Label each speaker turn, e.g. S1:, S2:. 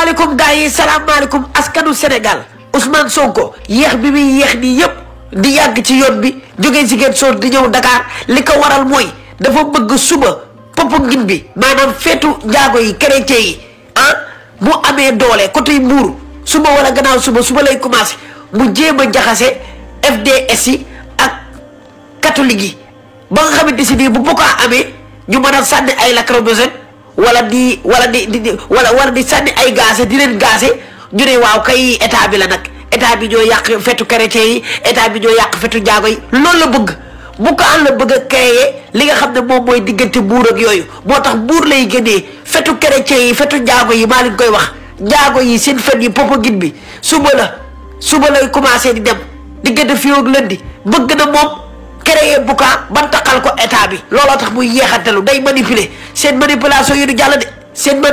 S1: salaamaaleykum gaa yi salaamaaleykum askanu Sénégal
S2: Ousmane Sonko yéex bi muy yéex nii yëpp di yàgg ci yoon bi jógee Ziguinchor di ñëw Dakar li ko waral mooy dafa bëgg suba Popenguine bi maanaam feetu njaago yi chrétien yi ah mu amee doole côté Mbour suba wala gannaaw suba suba lay commencé mu jéem a jaxase FDS yi ak catholique yi ba nga xamante si nii bu bokkaa amee ñu mën a sànni ay lacrymogène wala di wala di di wala wala di sànni ay gaase di leen gaase ñu ne waaw kay état bi la nag état bi ñoo yàq fetu chrétien yi état bi ñoo yàq fetu njaago yi loolu la bëgg bu ko àll bëgg a créer li nga xam ne moom mooy diggante buur ak yooyu moo tax buur lay gënee fetu chrétien yi fetu njaago yi maa leen koy wax njaago yi seen fen yi popagine bi suba la suba lay commencé di dem diggante fii ak lundi bëgg na moom créer bu ko bantaxal ko état bi looloo tax muy yeexantelu day manipuler seen manipulation yi du jàll
S3: de seen mani